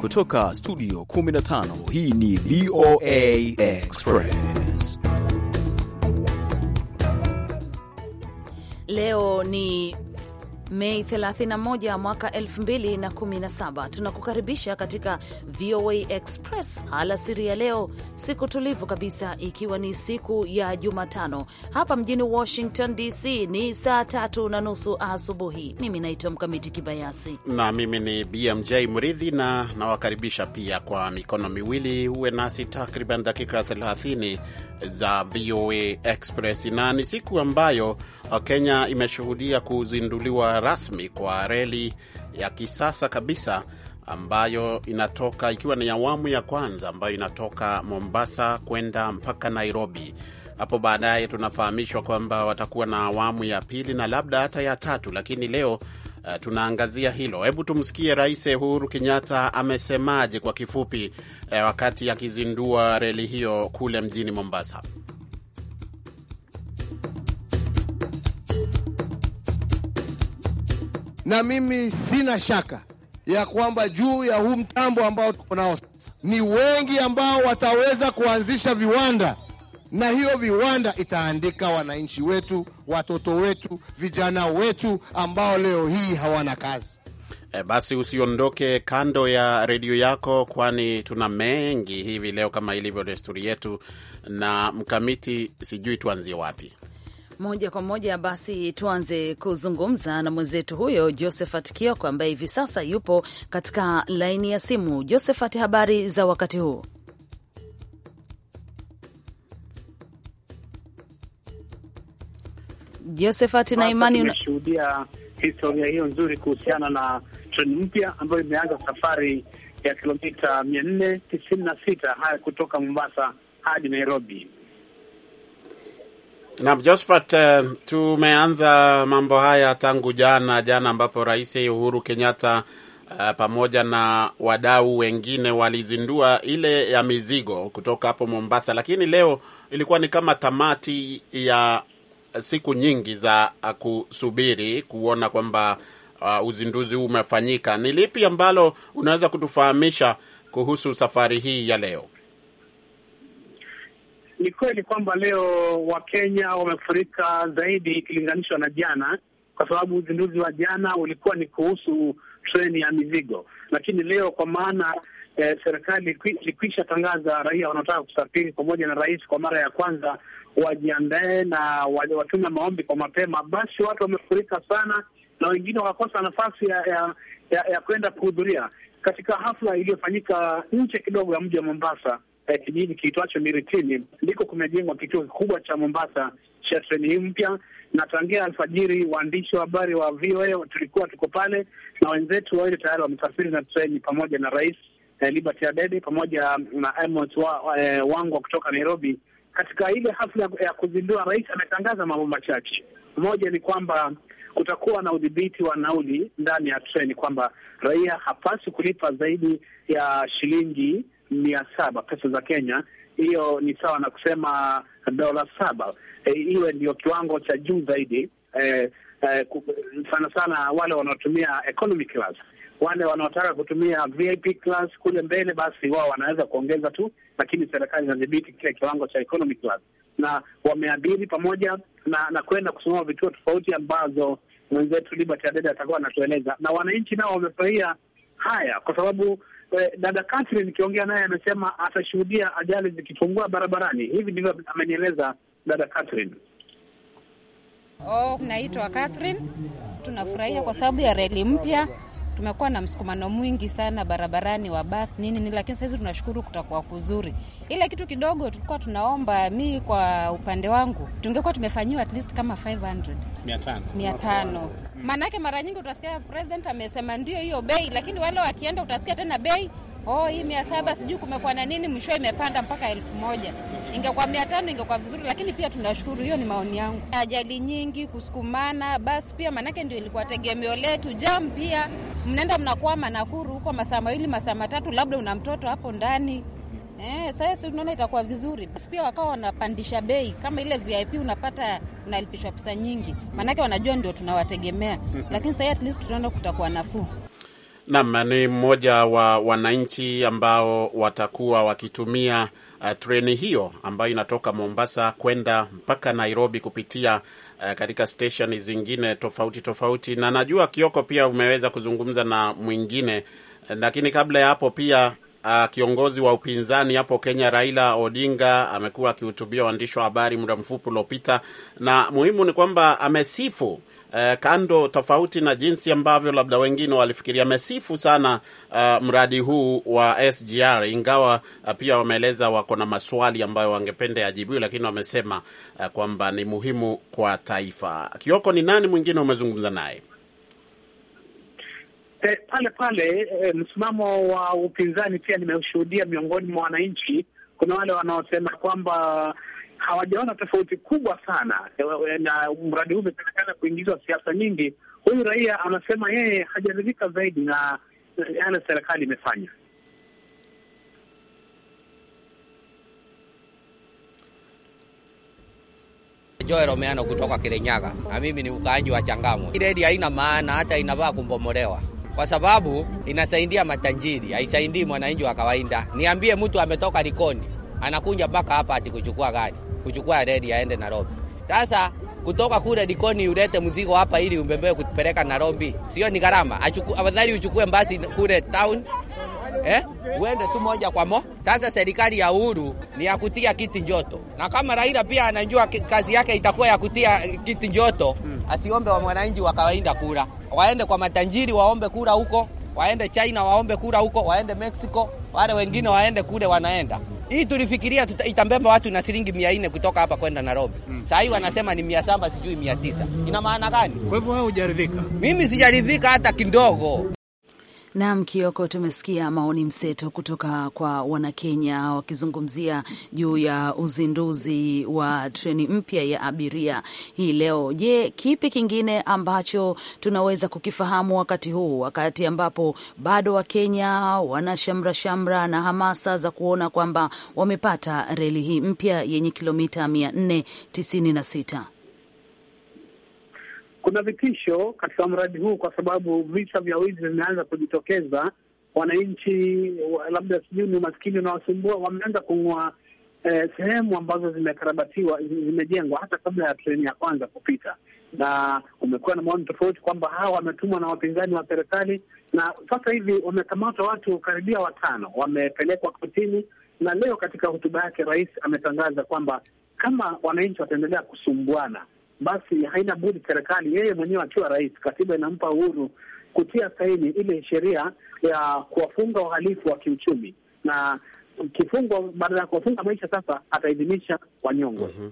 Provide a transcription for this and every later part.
Kutoka studio 15 hii ni VOA Express. Leo ni Mei 31 mwaka 2017. Tunakukaribisha katika VOA Express alasiri ya leo, siku tulivu kabisa, ikiwa ni siku ya Jumatano hapa mjini Washington DC. Ni saa tatu na nusu asubuhi. Mimi naitwa Mkamiti Kibayasi na mimi ni BMJ Mridhi, na nawakaribisha pia kwa mikono miwili, uwe nasi takriban dakika 30 za VOA Express, na ni siku ambayo uh, Kenya imeshuhudia kuzinduliwa rasmi kwa reli ya kisasa kabisa ambayo inatoka ikiwa ni awamu ya kwanza ambayo inatoka Mombasa kwenda mpaka Nairobi. Hapo baadaye tunafahamishwa kwamba watakuwa na awamu ya pili na labda hata ya tatu, lakini leo uh, tunaangazia hilo. Hebu tumsikie Rais Uhuru Kenyatta amesemaje kwa kifupi, uh, wakati akizindua reli hiyo kule mjini Mombasa. na mimi sina shaka ya kwamba juu ya huu mtambo ambao tuko nao sasa, ni wengi ambao wataweza kuanzisha viwanda, na hiyo viwanda itaandika wananchi wetu, watoto wetu, vijana wetu ambao leo hii hawana kazi. E, basi usiondoke kando ya redio yako, kwani tuna mengi hivi leo kama ilivyo desturi yetu. Na mkamiti, sijui tuanzie wapi? Moja kwa moja basi tuanze kuzungumza na mwenzetu huyo Josephat Kioko ambaye hivi sasa yupo katika laini ya simu. Josephat, habari za wakati huu? Josephat na imani unashuhudia historia hiyo nzuri kuhusiana na treni mpya ambayo imeanza safari ya kilomita mia nne tisini na sita haya kutoka Mombasa hadi Nairobi. Naam, uh, tumeanza mambo haya tangu jana jana, ambapo Rais Uhuru Kenyatta Uh, pamoja na wadau wengine walizindua ile ya mizigo kutoka hapo Mombasa, lakini leo ilikuwa ni kama tamati ya siku nyingi za kusubiri kuona kwamba uh, uzinduzi huu umefanyika. Ni lipi ambalo unaweza kutufahamisha kuhusu safari hii ya leo? Ni kweli kwamba leo Wakenya wamefurika zaidi ikilinganishwa na jana, kwa sababu uzinduzi wa jana ulikuwa ni kuhusu treni ya mizigo, lakini leo kwa maana eh, serikali ilikwisha tangaza raia wanaotaka kusafiri pamoja na rais kwa mara ya kwanza wajiandae na watume maombi kwa mapema, basi watu wamefurika sana na wengine wakakosa nafasi ya, ya, ya, ya kwenda kuhudhuria katika hafla iliyofanyika nje kidogo ya mji wa Mombasa eh, kijiji kiitwacho Miritini ndiko kumejengwa kituo kikubwa cha Mombasa cha treni hii mpya, na tangia alfajiri waandishi wa habari wa VOA tulikuwa tuko pale na wenzetu wawili tayari wamesafiri na treni pamoja na Rais eh, Liberty Adede pamoja na Amos wa, eh, Wangwa kutoka Nairobi. Katika ile hafla ya kuzindua, rais ametangaza mambo machache. Moja ni kwamba kutakuwa na udhibiti wa nauli ndani ya treni, kwamba raia hapaswi kulipa zaidi ya shilingi mia saba pesa za Kenya. Hiyo ni sawa na kusema dola saba. E, iwe ndio kiwango cha juu zaidi e, e, sana sana wale wanaotumia economy class. Wale wanaotaka kutumia VIP class kule mbele, basi wao wanaweza kuongeza tu, lakini serikali inadhibiti kile kiwango cha economy class, na wameabiri pamoja na, na kwenda kusimama vituo tofauti ambazo mwenzetu Liberty Adede atakuwa anatueleza, na wananchi nao wamefurahia haya kwa sababu Eh, dada Catherine nikiongea naye amesema atashuhudia ajali zikipungua barabarani. Hivi ndivyo amenieleza dada Catherine. Oh, naitwa Catherine. Tunafurahia kwa sababu ya reli mpya tumekuwa na msukumano mwingi sana barabarani wa basi nini ni, lakini sahizi tunashukuru kutakuwa kuzuri. Ile kitu kidogo tulikuwa tunaomba, mi kwa upande wangu tungekuwa tumefanyiwa at least kama 500 mia tano, maanake mara nyingi utasikia president amesema ndio hiyo bei, lakini wale wakienda utasikia tena bei oh, hii mia saba sijui kumekuwa na nini, mwisho imepanda mpaka elfu moja ingekuwa mia tano ingekuwa vizuri, lakini pia tunashukuru. Hiyo ni maoni yangu. Ajali nyingi, kusukumana basi pia maanake ndio ilikuwa tegemeo letu. Jam pia mnaenda mnakwama Nakuru huko masaa mawili masaa matatu, labda una mtoto hapo ndani Eh, sasa unaona itakuwa vizuri. Basi pia wakawa wanapandisha bei kama ile VIP unapata unalipishwa pesa nyingi. Maanake wanajua ndio tunawategemea. Mm-hmm. Lakini sasa at least tunaona kutakuwa nafuu. Naam, ni mmoja wa wananchi ambao watakuwa wakitumia uh, treni hiyo ambayo inatoka Mombasa kwenda mpaka Nairobi kupitia uh, katika stesheni zingine tofauti tofauti, na najua Kioko pia umeweza kuzungumza na mwingine, eh, lakini kabla ya hapo pia Uh, kiongozi wa upinzani hapo Kenya Raila Odinga amekuwa akihutubia waandishi wa habari muda mfupi uliopita, na muhimu ni kwamba amesifu eh, kando tofauti na jinsi ambavyo labda wengine walifikiria. Amesifu sana uh, mradi huu wa SGR, ingawa uh, pia wameeleza wako na maswali ambayo wangependa yajibiwe, lakini wamesema uh, kwamba ni muhimu kwa taifa. Kioko, ni nani mwingine umezungumza naye? Pale pale e, msimamo wa upinzani pia nimeshuhudia miongoni mwa wananchi. Kuna wale wanaosema kwamba hawajaona tofauti kubwa sana, eh, na mradi huu umepatikana kuingizwa siasa nyingi. Huyu raia anasema yeye hajaridhika zaidi na yale serikali imefanya. Joel Romeano kutoka Kirinyaga, na mimi ni ukaaji wa Changamwe. redi haina maana, hata inavaa kumbomolewa kwa sababu inasaidia matanjiri, haisaidii mwananchi wa kawaida. Niambie, mtu ametoka Likoni anakuja mpaka hapa ati kuchukua gari kuchukua redi aende Nairobi. Sasa kutoka kule Likoni ulete mzigo hapa ili umbebee kupeleka Nairobi, sio ni gharama? Afadhali uchukue basi kule town eh, uende tu moja kwa mo. Sasa serikali ya uhuru ni ya kutia kiti njoto, na kama Raila pia anajua kazi yake itakuwa ya kutia kiti njoto, hmm. asiombe wa mwananchi wa kawaida kura, waende kwa matanjiri waombe kura huko, waende China waombe kura huko, waende Mexico, wale wengine waende kule, wanaenda hii tulifikiria tuta, watu na shilingi mia nne kutoka hapa kwenda Nairobi mm. Saa hii wanasema ni mia saba sijui mia tisa. Ina maana gani? Kwa hivyo wewe hujaridhika? Mimi sijaridhika hata kidogo. Naam, Kioko, tumesikia maoni mseto kutoka kwa Wanakenya wakizungumzia juu ya uzinduzi wa treni mpya ya abiria hii leo. Je, kipi kingine ambacho tunaweza kukifahamu wakati huu, wakati ambapo bado Wakenya wana shamra shamra na hamasa za kuona kwamba wamepata reli hii mpya yenye kilomita 496? Kuna vitisho katika mradi huu kwa sababu visa vya wizi vimeanza kujitokeza. Wananchi labda sijui ni umaskini unawasumbua, wameanza kung'oa eh, sehemu ambazo zimekarabatiwa zimejengwa hata kabla ya treni ya kwanza kupita, na kumekuwa na maoni tofauti kwamba hawa wametumwa na wapinzani wa serikali, na sasa hivi wamekamatwa watu karibia watano, wamepelekwa kotini, na leo katika hotuba yake rais ametangaza kwamba kama wananchi wataendelea kusumbuana basi haina budi serikali, yeye mwenyewe akiwa rais, katiba inampa uhuru kutia saini ile sheria ya kuwafunga wahalifu wa kiuchumi na kifungo baada ya kuwafunga maisha, sasa ataidhinisha wanyongwe. mm -hmm.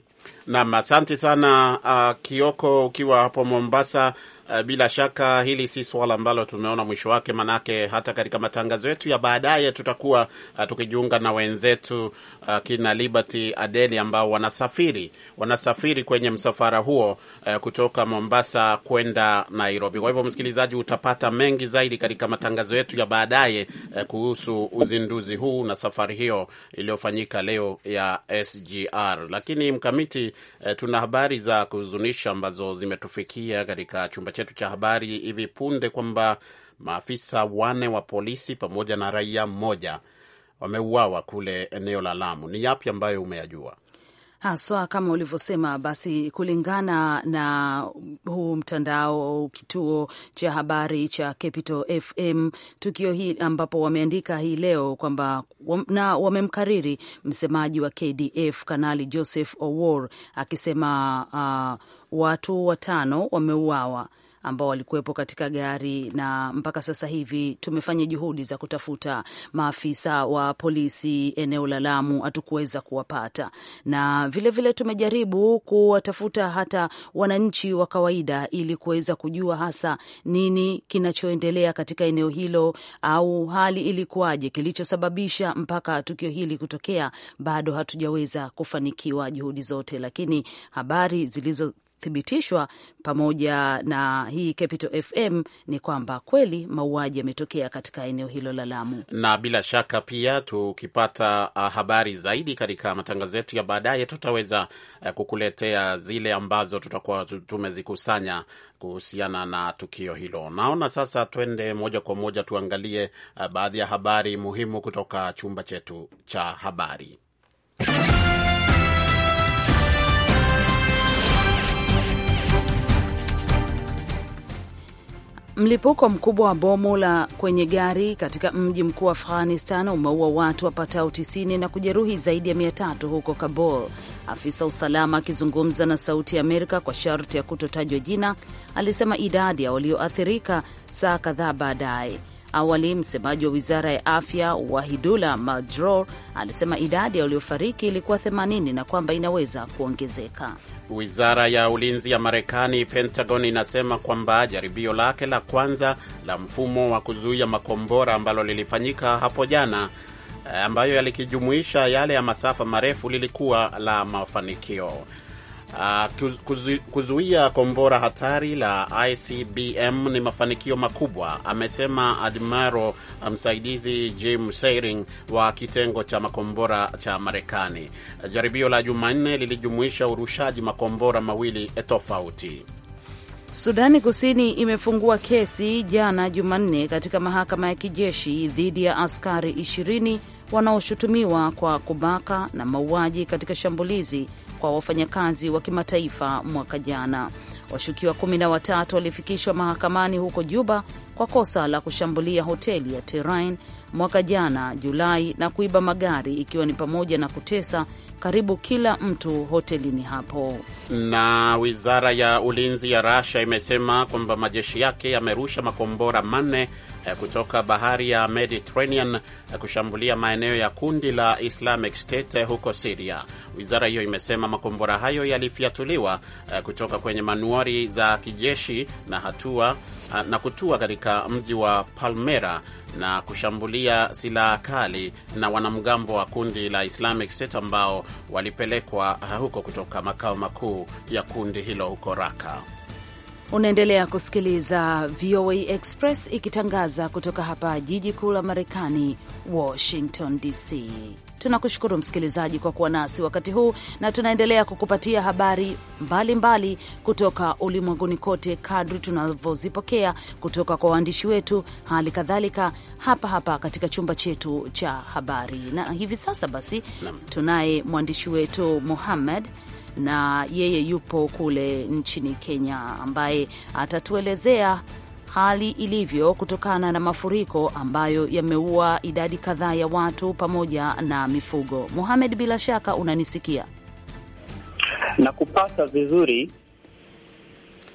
Naam, asante sana uh, Kioko, ukiwa hapo Mombasa. Eh, bila shaka hili si suala ambalo tumeona mwisho wake, manake hata katika matangazo yetu ya baadaye tutakuwa uh, tukijiunga na wenzetu uh, kina Liberty Adeli ambao wanasafiri wanasafiri kwenye msafara huo uh, kutoka Mombasa kwenda Nairobi. Kwa hivyo, msikilizaji, utapata mengi zaidi katika matangazo yetu ya baadaye uh, kuhusu uzinduzi huu na safari hiyo iliyofanyika leo ya SGR. Lakini mkamiti, uh, tuna habari za kuhuzunisha ambazo zimetufikia katika chumba chetu cha habari hivi punde kwamba maafisa wane wa polisi pamoja na raia mmoja wameuawa kule eneo la Lamu. Ni yapi ambayo umeyajua? Haswa kama ulivyosema, basi kulingana na huu mtandao, kituo cha habari cha Capital FM, tukio hii ambapo wameandika hii leo kwamba na wamemkariri msemaji wa KDF Kanali Joseph Owor akisema uh, watu watano wameuawa ambao walikuwepo katika gari, na mpaka sasa hivi tumefanya juhudi za kutafuta maafisa wa polisi eneo la Lamu, hatukuweza kuwapata, na vilevile vile tumejaribu kuwatafuta hata wananchi wa kawaida ili kuweza kujua hasa nini kinachoendelea katika eneo hilo, au hali ilikuwaje, kilichosababisha mpaka tukio hili kutokea. Bado hatujaweza kufanikiwa juhudi zote, lakini habari zilizo thibitishwa pamoja na hii Capital FM ni kwamba kweli mauaji yametokea katika eneo hilo la Lamu, na bila shaka pia tukipata ah, habari zaidi katika matangazo yetu ya baadaye, tutaweza eh, kukuletea zile ambazo tutakuwa tumezikusanya kuhusiana na tukio hilo. Naona sasa twende moja kwa moja tuangalie eh, baadhi ya habari muhimu kutoka chumba chetu cha habari. Mlipuko mkubwa wa bomu la kwenye gari katika mji mkuu wa Afghanistan umeua watu wapatao 90 na kujeruhi zaidi ya 300 huko Kabul. Afisa usalama akizungumza na Sauti ya Amerika kwa sharti ya kutotajwa jina, alisema idadi ya walioathirika saa kadhaa baadaye. Awali msemaji wa wizara ya afya Wahidula Madror alisema idadi ya waliofariki ilikuwa 80 na kwamba inaweza kuongezeka. Wizara ya ulinzi ya Marekani, Pentagon, inasema kwamba jaribio lake la kwanza la mfumo wa kuzuia makombora ambalo lilifanyika hapo jana eh, ambayo yalikijumuisha yale ya masafa marefu lilikuwa la mafanikio. Ah, kuzu, kuzuia kombora hatari la ICBM ni mafanikio makubwa, amesema admiro ah, msaidizi Jim Seiring wa kitengo cha makombora cha Marekani. Jaribio la Jumanne lilijumuisha urushaji makombora mawili e tofauti. Sudani Kusini imefungua kesi jana Jumanne katika mahakama ya kijeshi dhidi ya askari 20 wanaoshutumiwa kwa kubaka na mauaji katika shambulizi kwa wafanyakazi wa kimataifa mwaka jana. Washukiwa kumi na watatu walifikishwa mahakamani huko Juba kwa kosa la kushambulia hoteli ya Terrain mwaka jana Julai na kuiba magari ikiwa ni pamoja na kutesa karibu kila mtu hotelini hapo. Na wizara ya ulinzi ya Russia imesema kwamba majeshi yake yamerusha makombora manne Eh, kutoka bahari ya Mediterranean eh, kushambulia maeneo ya kundi la Islamic State eh, huko Siria. Wizara hiyo imesema makombora hayo yalifyatuliwa kutoka kwenye manuari za kijeshi na hatua na kutua katika mji wa Palmera na kushambulia silaha kali na wanamgambo wa kundi la Islamic State ambao walipelekwa huko kutoka makao makuu ya kundi hilo huko Raka. Unaendelea kusikiliza VOA Express ikitangaza kutoka hapa jiji kuu la Marekani, Washington DC. Tunakushukuru msikilizaji kwa kuwa nasi wakati huu, na tunaendelea kukupatia habari mbalimbali mbali kutoka ulimwenguni kote kadri tunavyozipokea kutoka kwa waandishi wetu, hali kadhalika hapa hapa katika chumba chetu cha habari. Na hivi sasa basi tunaye mwandishi wetu Muhammad na yeye yupo kule nchini Kenya, ambaye atatuelezea hali ilivyo kutokana na mafuriko ambayo yameua idadi kadhaa ya watu pamoja na mifugo. Mohamed, bila shaka unanisikia na kupata vizuri.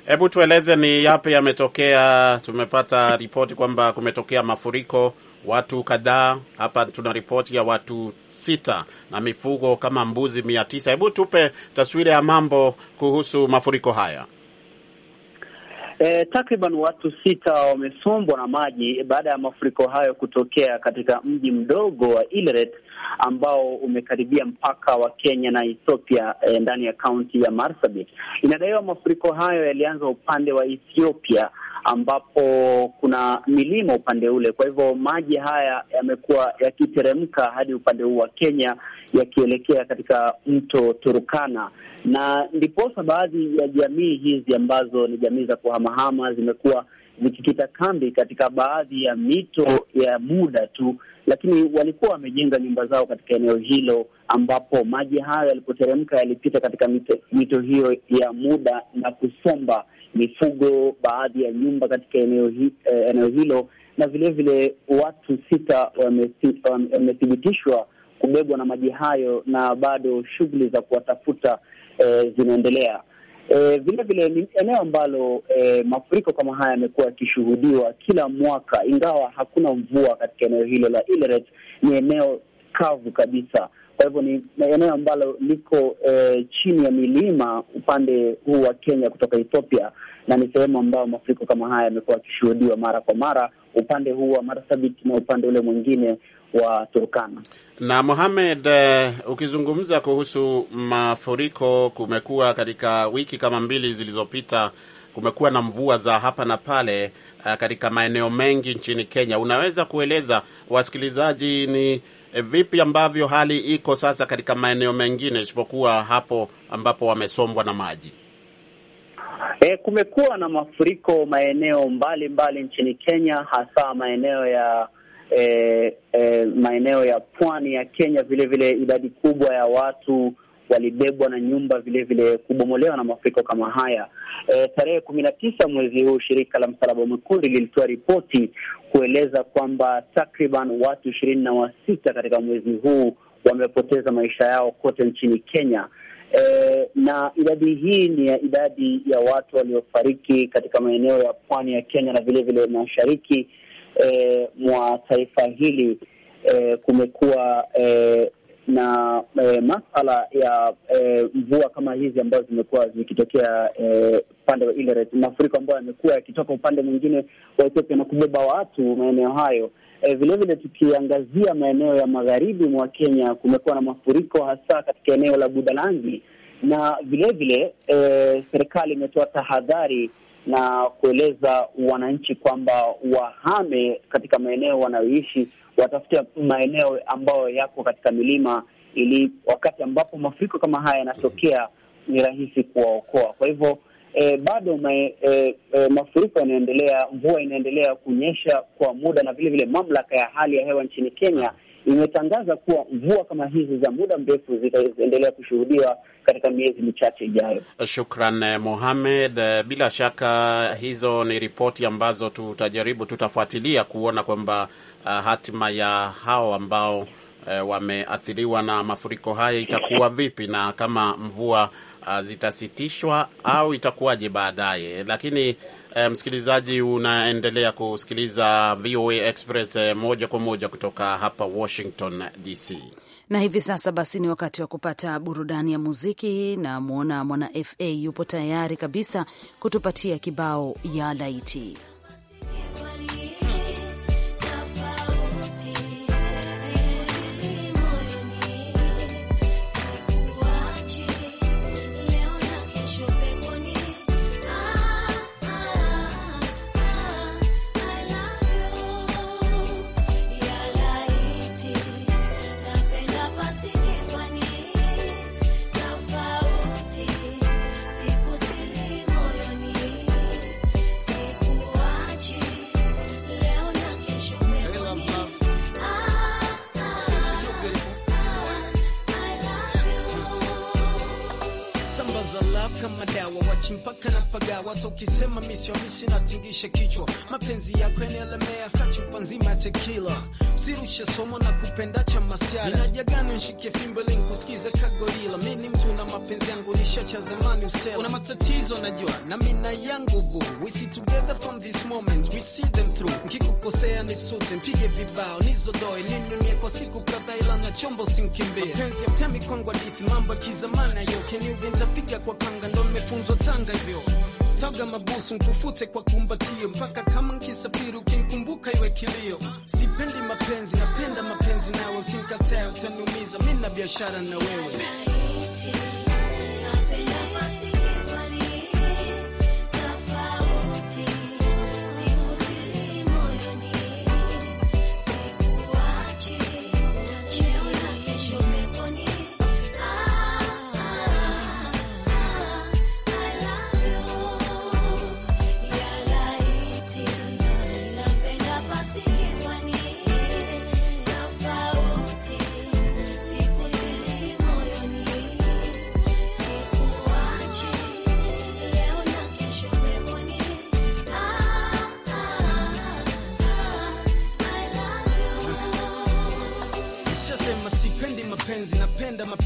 Hebu tueleze ni yapi yametokea. Tumepata ripoti kwamba kumetokea mafuriko watu kadhaa hapa, tuna ripoti ya watu sita na mifugo kama mbuzi mia tisa. Hebu tupe taswira ya mambo kuhusu mafuriko haya. E, takriban watu sita wamesombwa na maji baada ya mafuriko hayo kutokea katika mji mdogo wa Ileret ambao umekaribia mpaka wa Kenya na Ethiopia e, ndani ya kaunti ya Marsabit. Inadaiwa mafuriko hayo yalianza upande wa Ethiopia ambapo kuna milima upande ule. Kwa hivyo maji haya yamekuwa yakiteremka hadi upande huu wa Kenya yakielekea katika mto turukana na ndiposa baadhi ya jamii hizi ambazo ni jamii za kuhamahama zimekuwa zikikita kambi katika baadhi ya mito ya muda tu lakini walikuwa wamejenga nyumba zao katika eneo hilo ambapo maji hayo yalipoteremka yalipita katika mito, mito hiyo ya muda na kusomba mifugo, baadhi ya nyumba katika eneo, hi, eh, eneo hilo na vilevile vile watu sita wamethibitishwa kubebwa na maji hayo na bado shughuli za kuwatafuta eh, zinaendelea. E, vile vile ni eneo ambalo e, mafuriko kama haya yamekuwa yakishuhudiwa kila mwaka, ingawa hakuna mvua katika eneo hilo la Ileret. Ni eneo kavu kabisa, kwa hivyo ni eneo ambalo liko e, chini ya milima upande huu wa Kenya kutoka Ethiopia, na ni sehemu ambayo mafuriko kama haya yamekuwa yakishuhudiwa mara kwa mara, upande huu wa Marsabit na upande ule mwingine wa Turkana. Na Mohamed, uh, ukizungumza kuhusu mafuriko, kumekuwa katika wiki kama mbili zilizopita kumekuwa na mvua za hapa na pale uh, katika maeneo mengi nchini Kenya. Unaweza kueleza wasikilizaji ni eh, vipi ambavyo hali iko sasa katika maeneo mengine isipokuwa hapo ambapo wamesombwa na maji? E, kumekuwa na mafuriko maeneo mbalimbali mbali nchini Kenya, hasa maeneo ya eh, eh, maeneo ya pwani ya Kenya. Vilevile vile idadi kubwa ya watu walibebwa na nyumba vilevile kubomolewa na mafuriko kama haya. E, tarehe kumi na tisa mwezi huu shirika la Msalaba Mwekundu lilitoa ripoti kueleza kwamba takriban watu ishirini na wasita katika mwezi huu wamepoteza maisha yao kote nchini Kenya. E, na idadi hii ni ya idadi ya watu waliofariki katika maeneo ya pwani ya Kenya na vilevile mashariki e, mwa taifa hili e, kumekuwa e, na e, masala ya e, mvua kama hizi ambazo zimekuwa zikitokea e, upande wa Ileret, mafuriko ambayo yamekuwa yakitoka upande mwingine wa Ethiopia na kubeba watu maeneo hayo. Vilevile tukiangazia maeneo ya magharibi mwa Kenya, kumekuwa na mafuriko hasa katika eneo la Budalangi, na vilevile e, serikali imetoa tahadhari na kueleza wananchi kwamba wahame katika maeneo wanayoishi, watafute maeneo ambayo yako katika milima, ili wakati ambapo mafuriko kama haya yanatokea ni rahisi kuwaokoa. Kwa hivyo e, bado e, e, mafuriko yanaendelea, mvua inaendelea kunyesha kwa muda, na vilevile mamlaka ya hali ya hewa nchini Kenya imetangaza kuwa mvua kama hizi za muda mrefu zitaendelea kushuhudiwa katika miezi michache ijayo. Shukran eh, Mohamed. Eh, bila shaka hizo ni ripoti ambazo tutajaribu, tutafuatilia kuona kwamba uh, hatima ya hao ambao uh, wameathiriwa na mafuriko haya itakuwa vipi na kama mvua uh, zitasitishwa au itakuwaje baadaye, lakini E, msikilizaji unaendelea kusikiliza VOA Express eh, moja kwa moja kutoka hapa Washington DC, na hivi sasa basi ni wakati wa kupata burudani ya muziki. Na mwona mwana FA yupo tayari kabisa kutupatia kibao ya laiti madawa wachimpaka na pagawa watu, ukisema misi natingisha kichwa, mapenzi yako yanalemea kachupa nzima ya tekila, sirushe somo na kupenda cha masiara inajagana nshike fimbo ili nikusikize kagorila. Mi ni mtu na mapenzi yangu nishacha zamani usela. Una matatizo najua na mina yangu boo. We see together from this moment we see them through. Nkikukosea nisute mpige vibao nizodoe ninunie kwa siku kadhaa, ila na chombo sinkimbie. Mapenzi yatemi kwangu hadithi mambo ya kizamani yo keniudhi ntapiga kwa kanga ndo nimefunzwa Tanga hivyo taga mabusu nkufute kwa kumbatio, mpaka kama nkisafiri ukinkumbuka iwe kilio. Sipendi mapenzi, napenda mapenzi nawe, usimkatae utaniumiza, mina biashara na wewe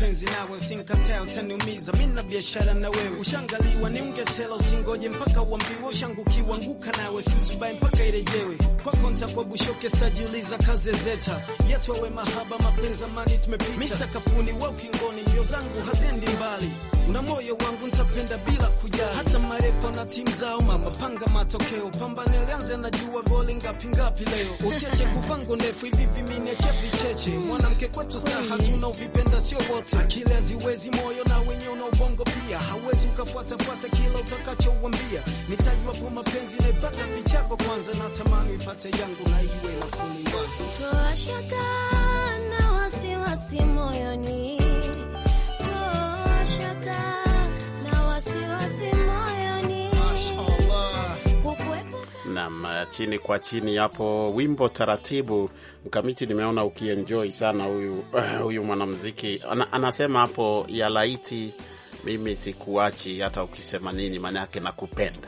penzi nawe usinikataa utaniumiza, mimi na biashara na wewe, ushangaliwa ni ungetela, usingoje mpaka uambiwe, ushangukiwa nguka nawe, si mpaka irejewe kwako, ntakuwa bushoke, stajiuliza kaze zeta yetu mahaba mapenzi, amani tumepita kafuni wa ukingoni, mbio zangu haziendi mbali na moyo wangu nitapenda bila kujali, hata marefa na timu zao mama, panga matokeo, pambane lianze, najua goli ngapi ngapi leo, usiache kuvangu ndefu hivi vimine vicheche mwanamke kwetu sta hatuna uvipenda sio wote akili haiwezi moyo na wenye una ubongo pia hauwezi ukafuatafuata kila utakachouambia. Nitajua kwa mapenzi naipata picha kwanza, na tamani ipate yangu na iwe na kuniwaza, toa shaka na wasiwasi moyoni, toa shaka Nam chini kwa chini hapo, wimbo taratibu. Mkamiti, nimeona ukienjoy sana huyu eh, huyu anasema hapo ya laiti mimi sikuachi hata ukisema nini, yake nakupenda.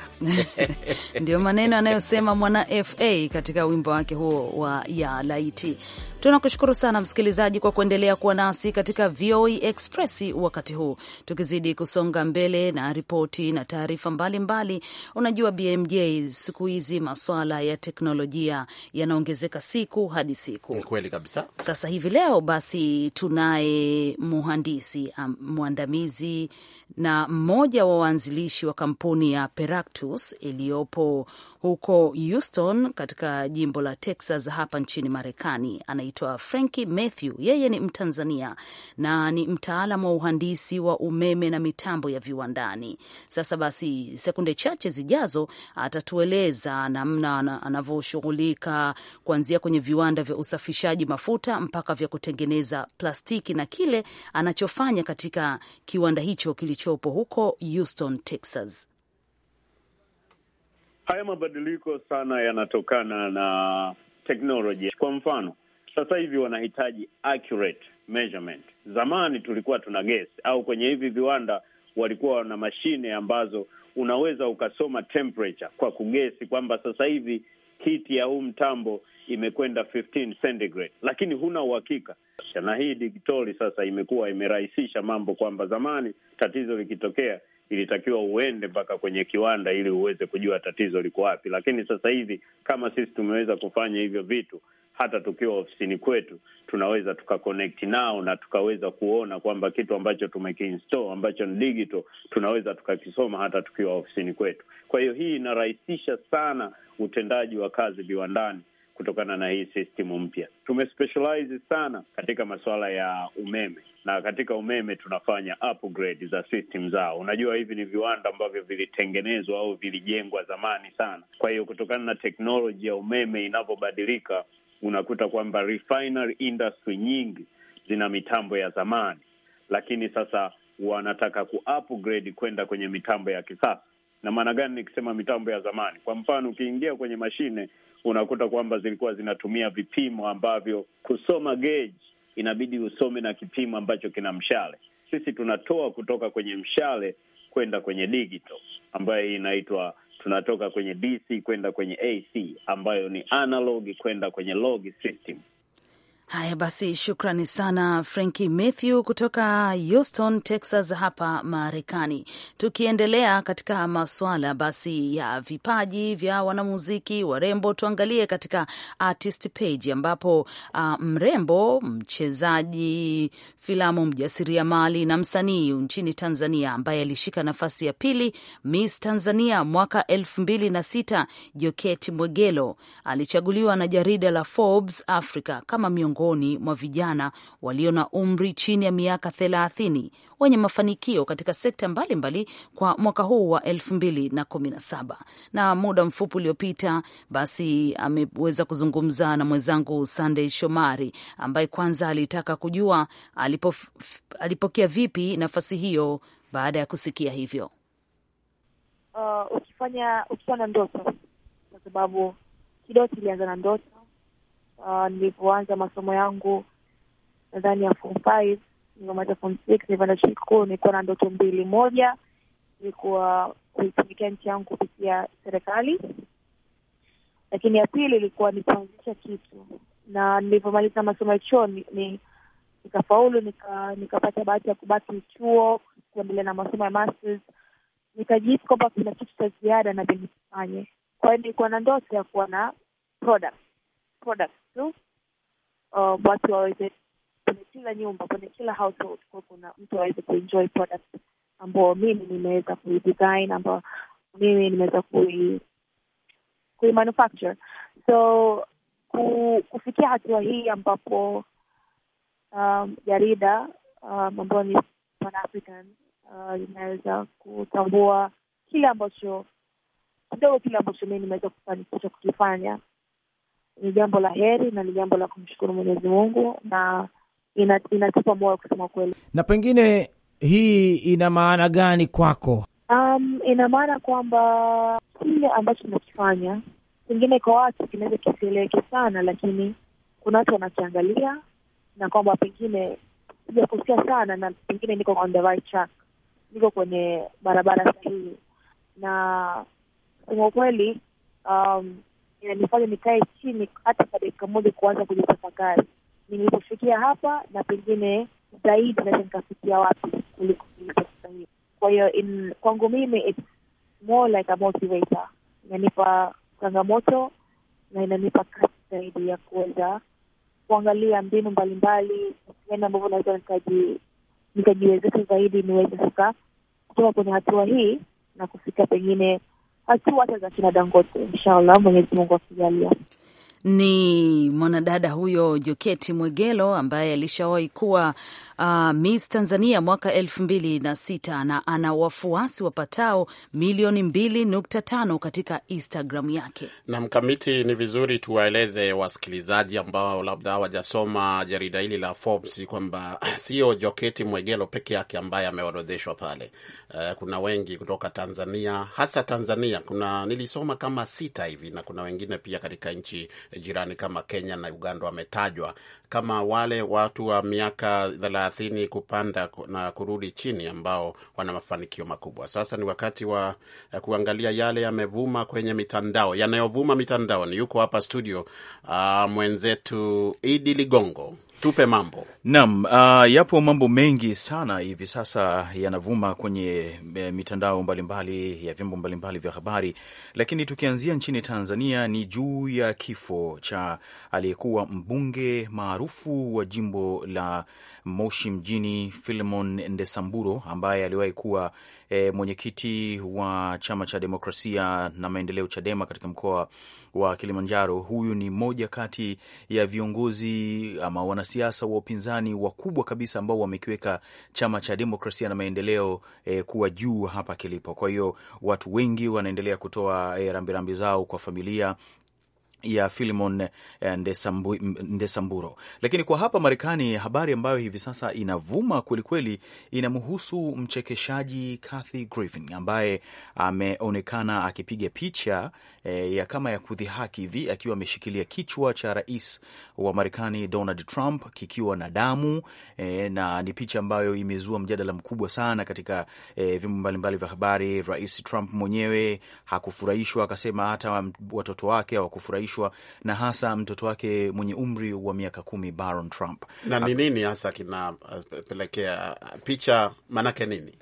Ndio maneno anayosema mwana fa katika wimbo wake huo wa ya laiti. Tunakushukuru sana msikilizaji kwa kuendelea kuwa nasi katika VOA e Express wakati huu, tukizidi kusonga mbele na ripoti na taarifa mbalimbali. Unajua BMJ, siku hizi maswala ya teknolojia yanaongezeka siku hadi siku. Ni kweli kabisa. Sasa hivi leo basi tunaye muhandisi um, mwandamizi na mmoja wa waanzilishi wa kampuni ya Peractus iliyopo huko Houston katika jimbo la Texas hapa nchini Marekani. Anaitwa Franki Matthew, yeye ni Mtanzania na ni mtaalam wa uhandisi wa umeme na mitambo ya viwandani. Sasa basi, sekunde chache zijazo atatueleza namna anavyoshughulika kuanzia kwenye viwanda vya usafishaji mafuta mpaka vya kutengeneza plastiki na kile anachofanya katika kiwanda hicho kilichopo huko Houston, Texas. Haya mabadiliko sana yanatokana na teknolojia. Kwa mfano, sasa hivi wanahitaji accurate measurement. Zamani tulikuwa tuna gesi au kwenye hivi viwanda walikuwa na mashine ambazo unaweza ukasoma temperature kwa kugesi, kwamba sasa hivi heat ya huu mtambo imekwenda 15 centigrade, lakini huna uhakika. Na hii digitali sasa imekuwa imerahisisha mambo, kwamba zamani tatizo likitokea ilitakiwa uende mpaka kwenye kiwanda ili uweze kujua tatizo liko wapi, lakini sasa hivi kama sisi tumeweza kufanya hivyo vitu hata tukiwa ofisini kwetu tunaweza tukaconnect nao na tukaweza kuona kwamba kitu ambacho tumekiinstall ambacho ni digital tunaweza tukakisoma hata tukiwa ofisini kwetu. Kwa hiyo hii inarahisisha sana utendaji wa kazi viwandani kutokana na hii system mpya. Tumespecialize sana katika masuala ya umeme, na katika umeme tunafanya upgrade za system zao. Unajua, hivi ni viwanda ambavyo vilitengenezwa au vilijengwa zamani sana. Kwa hiyo kutokana na teknoloji ya umeme inavyobadilika unakuta kwamba refinery industry nyingi zina mitambo ya zamani, lakini sasa wanataka kuupgrade kwenda kwenye mitambo ya kisasa. Na maana gani nikisema mitambo ya zamani? Kwa mfano, ukiingia kwenye mashine unakuta kwamba zilikuwa zinatumia vipimo ambavyo kusoma gauge inabidi usome na kipimo ambacho kina mshale. Sisi tunatoa kutoka kwenye mshale kwenda kwenye digital ambayo hii inaitwa tunatoka kwenye DC kwenda kwenye AC ambayo ni analog kwenda kwenye log system. Haya basi, shukrani sana Franki Mathew kutoka Houston, Texas, hapa Marekani. Tukiendelea katika maswala basi ya vipaji vya wanamuziki warembo, tuangalie katika artist page, ambapo uh, mrembo mchezaji filamu, mjasiriamali na msanii nchini Tanzania ambaye alishika nafasi ya pili Miss Tanzania mwaka elfu mbili na sita Joketi Mwegelo alichaguliwa na jarida la Forbes Africa kama miongoni miongoni mwa vijana walio na umri chini ya miaka thelathini wenye mafanikio katika sekta mbalimbali mbali kwa mwaka huu wa elfu mbili na, kumi na saba na muda mfupi uliopita basi ameweza kuzungumza na mwenzangu sandey Shomari ambaye kwanza alitaka kujua alipo, alipokea vipi nafasi hiyo baada ya kusikia hivyo. Uh, ukifanya ukiwa na ndoto, kwa sababu kidoto ilianza na ndoto uh, nilipoanza masomo yangu nadhani ya form five nilivyomaliza form six nilivyoenda chuo kikuu nilikuwa na ndoto mbili. Moja ilikuwa kuitumikia nchi yangu kupitia serikali, lakini ya pili ilikuwa ni kuanzisha kitu, na nilivyomaliza masomo ya chuo ni, nikafaulu nika, nikapata bahati ya kubaki chuo kuendelea na masomo ya masters, nikajihisi kwamba kuna kitu cha ziada na nikifanye. Kwa hiyo nilikuwa na ndoto ya kuwa na product product tu uh, watu waweze kwenye kila nyumba, kwenye kila household kuna mtu aweze kuenjoy product ambao mimi nimeweza kuidesign, ambao mimi nimeweza kui kuimanufacture. So ku, kufikia hatua hii ambapo um, jarida um, ambayo ni Pan African uh, inaweza kutambua kile ambacho kidogo kile ambacho mii nimeweza kufanikisha kukifanya ni jambo la heri na ni jambo la kumshukuru Mwenyezi Mungu na inatupa moyo kusema kweli. Na pengine hii ina maana gani kwako? Um, ina maana kwamba kile ambacho tunakifanya pengine kwa watu kinaweza kisieleweke sana, lakini kuna watu wanakiangalia na kwamba pengine sijakosea sana, na pengine niko on the right track, niko kwenye barabara sahihi, na kusema ukweli um, inanifanya nikae chini hata kwa dakika moja kuanza kujitafakari nilipofikia hapa na pengine zaidi naeza nikafikia wapi kuliko kwahiyo Kwa hiyo kwangu mimi it's more like a motivator, inanipa changamoto na inanipa kasi zaidi ya kuweza kuangalia mbinu mbalimbali ani ambavyo naweza nikajiwezesha zaidi niweze sasa kutoka kwenye hatua hii na kufika pengine hatua hata za kina Dangote. Inshallah, Mwenyezi Mungu akijalia. Ni mwanadada huyo Joketi Mwegelo ambaye alishawahi kuwa uh, Miss Tanzania mwaka elfu mbili na sita na ana wafuasi wapatao milioni mbili nukta tano katika Instagram yake. Na mkamiti, ni vizuri tuwaeleze wasikilizaji ambao labda hawajasoma jarida hili la Forbes kwamba sio Joketi Mwegelo peke yake ambaye ameorodheshwa pale. Uh, kuna wengi kutoka Tanzania, hasa Tanzania kuna nilisoma kama sita hivi, na kuna wengine pia katika nchi jirani kama Kenya na Uganda wametajwa kama wale watu wa miaka thelathini kupanda na kurudi chini ambao wana mafanikio makubwa. Sasa ni wakati wa eh, kuangalia yale yamevuma kwenye mitandao, yanayovuma mitandaoni yuko hapa studio uh, mwenzetu Idi Ligongo tupe mambo nam. Uh, yapo mambo mengi sana hivi sasa yanavuma kwenye eh, mitandao mbalimbali mbali, ya vyombo mbalimbali vya habari, lakini tukianzia nchini Tanzania ni juu ya kifo cha aliyekuwa mbunge maarufu wa jimbo la Moshi mjini Filemon Ndesamburo ambaye aliwahi kuwa e, mwenyekiti wa chama cha demokrasia na maendeleo Chadema katika mkoa wa Kilimanjaro. Huyu ni moja kati ya viongozi ama wanasiasa wa upinzani wakubwa kabisa ambao wamekiweka chama cha demokrasia na maendeleo e, kuwa juu hapa kilipo. Kwa hiyo watu wengi wanaendelea kutoa e, rambirambi zao kwa familia ya Filimon eh, Ndesamburo. Lakini kwa hapa Marekani, habari ambayo hivi sasa inavuma kwelikweli inamhusu mchekeshaji Kathy Griffin ambaye ameonekana akipiga picha e, ya kama ya kudhihaki hivi akiwa ameshikilia kichwa cha rais wa Marekani Donald Trump kikiwa na damu e, na ni picha ambayo imezua mjadala mkubwa sana katika e, vyombo mbalimbali vya habari. Rais Trump mwenyewe hakufurahishwa, akasema hata watoto wake hawakufurahishwa kutoridhishwa na hasa mtoto wake mwenye umri wa miaka kumi Baron Trump. Na ni nini hasa kinapelekea picha, maanake nini?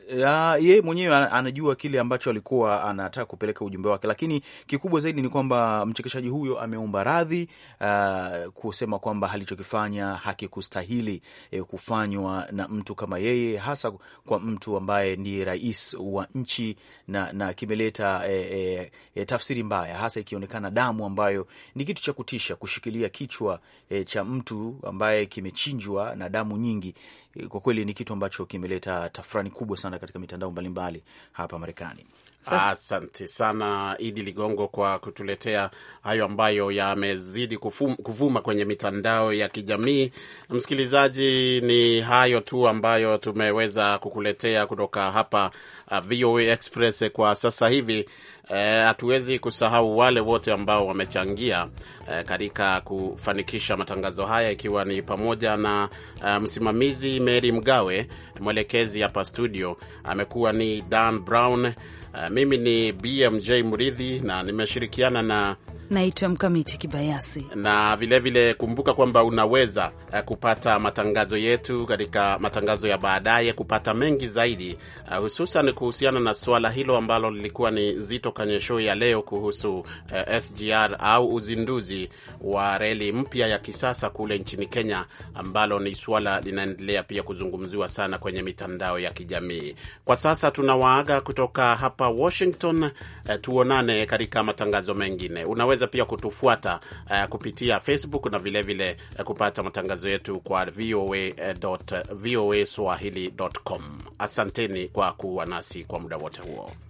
Yeye mwenyewe anajua kile ambacho alikuwa anataka kupeleka ujumbe wake, lakini kikubwa zaidi ni kwamba mchekeshaji huyo ameomba radhi uh, kusema kwamba alichokifanya hakikustahili eh, kufanywa na mtu kama yeye, hasa kwa mtu ambaye ndiye rais wa nchi na, na kimeleta eh, eh, eh tafsiri mbaya hasa ikionekana damu ambayo ni kitu cha kutisha kushikilia kichwa e, cha mtu ambaye kimechinjwa na damu nyingi e, kwa kweli ni kitu ambacho kimeleta tafrani kubwa sana katika mitandao mbalimbali hapa Marekani. Asante sana Idi Ligongo kwa kutuletea hayo ambayo yamezidi kuvuma kwenye mitandao ya kijamii. Msikilizaji, ni hayo tu ambayo tumeweza kukuletea kutoka hapa uh, VOA Express kwa sasa hivi. Eh, hatuwezi e, kusahau wale wote ambao wamechangia e, katika kufanikisha matangazo haya, ikiwa ni pamoja na e, msimamizi Mary Mgawe, mwelekezi hapa studio amekuwa ni Dan Brown Uh, mimi ni BMJ Muridhi na nimeshirikiana na Naitwa Mkamiti Kibayasi, na vilevile vile kumbuka kwamba unaweza eh, kupata matangazo yetu katika matangazo ya baadaye, kupata mengi zaidi, eh, hususan kuhusiana na suala hilo ambalo lilikuwa ni zito kwenye show ya leo kuhusu eh, SGR au uzinduzi wa reli mpya ya kisasa kule nchini Kenya, ambalo ni suala linaendelea pia kuzungumziwa sana kwenye mitandao ya kijamii. Kwa sasa tunawaaga kutoka hapa Washington, tuonane katika matangazo mengine. Unaweza unaweza pia kutufuata uh, kupitia Facebook na vilevile vile, uh, kupata matangazo yetu kwa voa, uh, voa swahili.com. Asanteni kwa kuwa nasi kwa muda wote huo.